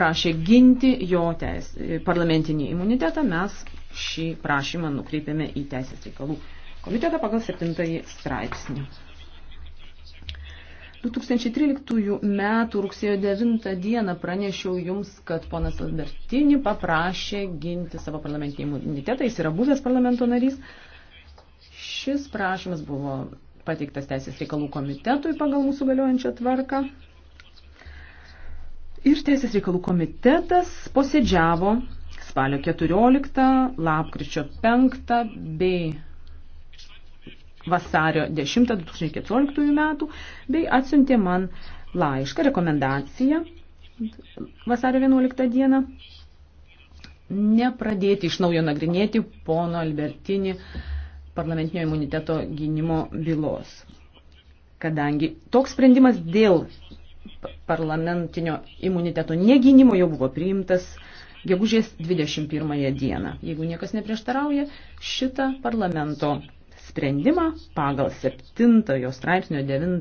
prašė ginti jo teis, parlamentinį imunitetą, mes šį prašymą nukreipėme į Teisės reikalų komitetą pagal 7 straipsnį. 2013 metų rugsėjo 9 dieną pranešiau jums, kad ponas Albertini paprašė ginti savo parlamentinį imunitetą, jis yra buvęs parlamento narys. Šis prašymas buvo pateiktas Teisės reikalų komitetui pagal mūsų galiojančią tvarką. Ir Teisės reikalų komitetas posėdžiavo spalio 14, lapkričio 5 bei vasario 10 2014 metų bei atsiuntė man laišką rekomendaciją vasario 11 dieną nepradėti iš naujo nagrinėti pono Albertini parlamentinio imuniteto gynimo bylos. Kadangi toks sprendimas dėl parlamentinio imuniteto negynimo jau buvo priimtas gegužės 21 dieną. Jeigu niekas neprieštarauja, šitą parlamento sprendimą pagal 7 straipsnio 9